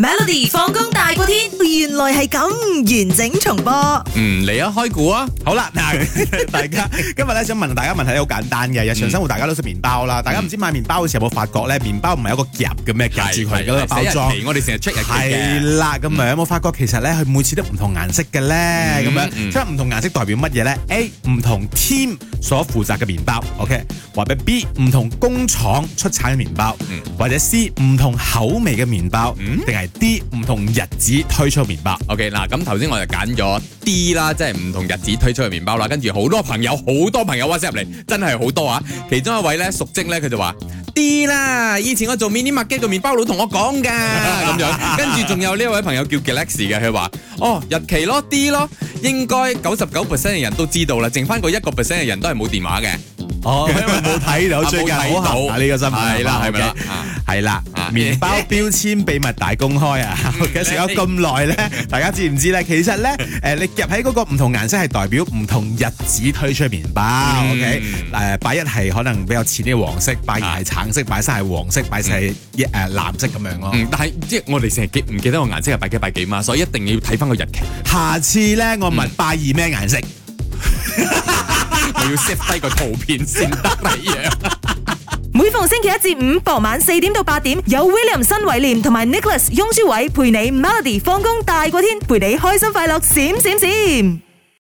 Melody 放工大過天，原來係咁完整重播。嗯，嚟啊，開估啊，好啦了，嗱， 大家今日咧想問大家問題好簡單嘅。日常生活大家都食麵包啦，嗯、大家唔知買麵包嘅時候有冇發覺咧，麵包唔係有個夾嘅咩夾住佢嘅包裝，我哋成日出日夾嘅。係啦，咁樣，嗯、有冇發覺其實咧，佢每次都唔同顏色嘅咧，咁、嗯、樣，即係唔同顏色代表乜嘢咧？誒，唔同 team。所負責嘅麵包，OK，或者 B 唔同工廠出產嘅麵包，嗯、或者 C 唔同口味嘅麵包，定係、嗯、D 唔同日子推出麵包，OK，嗱，咁頭先我就揀咗 D 啦，即係唔同日子推出嘅麵包啦，跟住好多朋友，好多朋友 WhatsApp 入嚟，真係好多啊！其中一位咧淑晶咧，佢就話 D 啦，以前我做 mini market 嘅個麵包佬同我講㗎咁樣，跟住仲有呢一位朋友叫 Galaxy 嘅，佢話哦日期咯 D 咯。應該九十九 percent 嘅人都知道啦，剩返嗰一個 percent 嘅人都係冇電話嘅。哦，因為冇睇到最近冇下呢個新聞，係啦，係咪啦？係啦。麵包標籤秘密大公開啊！嘅食咗咁耐咧，大家知唔知咧？其實咧，誒、呃、你夾喺嗰個唔同顏色係代表唔同日子推出麵包。O K，誒拜一係可能比較淺啲黃色，拜二係橙色，拜三係黃色，拜四係誒藍色咁樣咯。但係即係我哋成日記唔記得個顏色係拜幾拜幾嘛，所以一定要睇翻個日期。下次咧，我問拜二咩顏色，嗯、 我要 set 低個圖片先得啦，樣。 每逢星期一至五，傍晚四點到八點，有 William 新偉廉同埋 Nicholas 雍舒偉陪你 Melody 放工大過天，陪你開心快樂閃閃閃，閃閃閃。